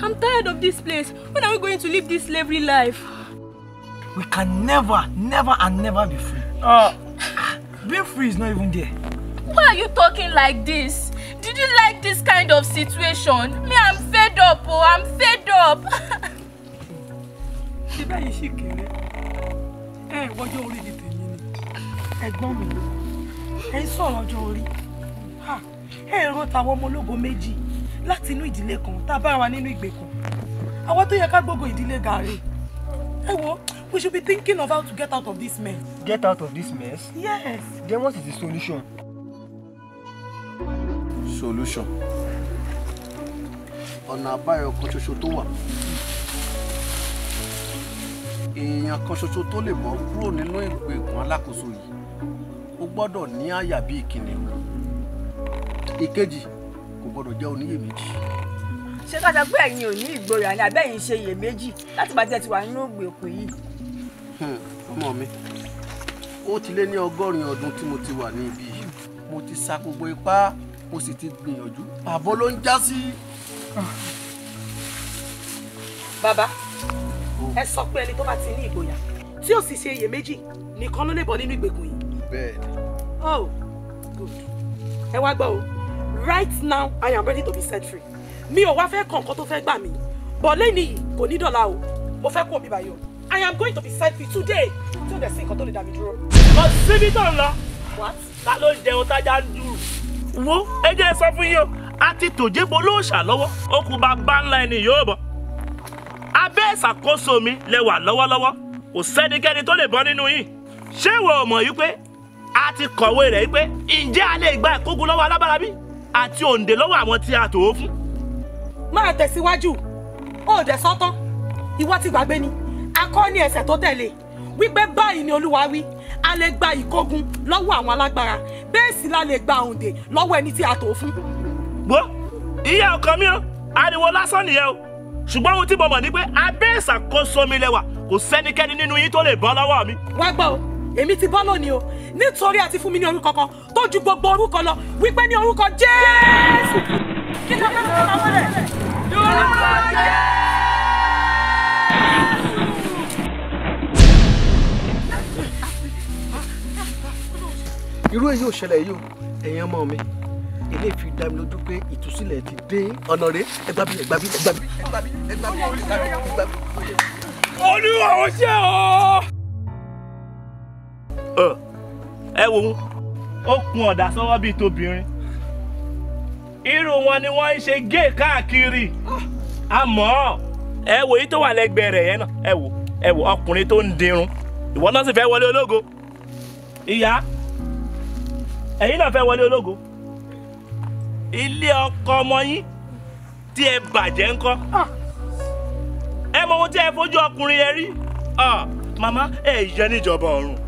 I'm tired of this place. When are we going to live this slavery life? We can never, never and never be free. Uh, being free is not even there. Why are you talking like this? Did you like this kind of situation? Me, I'm fed up, oh, I'm fed up. Ṣé báyìí ṣì kéré? Ẹ wọjọ́ orí ni tèmi ni. Ẹ̀gbọ́n mi, ẹ ń sọ̀rọ̀ ọjọ́ orí. Ẹ ń rántà àwọn láti inú ìdílé kan tá a bá wa nínú ìgbèkùn àwọn tó yẹ ká gbógun ìdílé gàrí ẹ wo we should be thinking of how to get out of this mess. get out of this mess. yes. then what is the solution. solution ọ̀nà àbáyọ kan ṣoṣo tó wà èèyàn kan ṣoṣo tó lè bọ́ kúrò nínú ìgbèkùn alákòóso yìí ó gbọ́dọ̀ ní àyà bíi kìnìún ìkejì. E kò gbọdọ̀ jẹ́ oníyèméjì. ṣé ká sọ pé ẹ̀yin ò ní ìgboyà ni àbẹ́yìn ṣe iyèméjì láti bá tiẹ̀ ti wà nínú ògbè òkú yìí. Hmm, ọmọ mi ó ti lé ní ọgọ́rin ọdún tí mo ti wà ní ibi yìí mo ti sa gbogbo ipá mo sì ti gbìyànjú pàbó ló ń já sí. bàbá oh. ẹ sọ pé ẹni tó bá ti ní ìgboyà tí ó sì ṣe iyèméjì nìkan ló lè bọ́ nínú ìgbèkùn yìí. bẹ́ẹ̀ni. oh good ẹ wá gbọ́ o right now i am ready to be set free mi ò wá fẹ́ kàn nǹkan tó fẹ́ gbà mí but lẹ́yìn yìí kò ní dọ̀la o mo fẹ́ kú omi báyọ̀ i am going to be set free today tí ó dẹ̀ sí nǹkan tó lè dá mi but síbi tó ń lọ ta ló jẹun tájà ń dùn. wo ẹ jẹ́ sọ fún yín o a ti tòjébo lóòṣà lọ́wọ́ ó kú bá bá ńlá ẹni yóò bọ̀ abẹ́ ìṣàkóso mi lè wà lọ́wọ́lọ́wọ́ kò sẹ́nikẹ́ni tó lè bọ́ nínú yìí ṣé ìwọ ò mọ̀ yìí pé a ti kọ̀wé rẹ̀ yìí pé ǹjẹ́ a lè gba ìkógun lọ́wọ́ alábàárà bíi àti òǹdè lọ́wọ́ àwọn tí a tò ó fún. máa tẹ̀síwájú òǹdè sọ́tán ìwọ ti gbàgbé ni akọni ẹsẹ̀ tó tẹ̀lé wípé báyìí ni olúwa wí a lè gba ìkógun lọ́wọ́ àwọn alágbára bẹ́ẹ̀ sì la lè gba òǹdè lọ́wọ́ ẹni tí a tò fún. wo ìyá ọkàn mi o ariwo lásán nìyẹn o ṣùgbọ́n ohun tí mo mọ̀ ni pé abẹ́ ìṣàkóso mi lẹ́wà kò sẹ́nikẹ́ni nínú yín tó lè bọ́ lọ́wọ́ mi. wá gbọ́ o èmi ti bọ́ lónìí o nítorí àti fún mi ní orúkọ kan tó ju gbogbo orúkọ lọ wípé ní orúkọ jésù irú èyí ò ṣẹlẹ̀ yìí o ẹ̀yin ọmọ mi ilé fi dá mi lójú pé ìtúsílẹ̀ ti dé ọ̀nà rẹ̀ ẹgbàbí ẹgbàbí ẹgbàbí ẹgbàbí ẹgbàbí olùwà ó ṣe ọ́ ẹ wo ń ó kun ọ̀dà sọ́wọ́ bíi tóbìnrin irú wọn ni wọ́n ń ṣe gé káàkiri àmọ́ ẹ wo èyí tó wà lẹ́gbẹ̀ẹ́ rẹ̀ yẹn náà ẹ wo ẹ wo ọkùnrin tó ń dirun ìwọ náà sì fẹ́ wọlé ológo ìyá ẹ̀yin náà fẹ́ wọlé ológo ilé ọkọ ọmọ yín tí ẹ bàjẹ́ ńkọ́ ẹ mọ ohun tí ẹ fojú ọkùnrin yẹn rí màmá ẹ yẹ níjọba ọ̀run.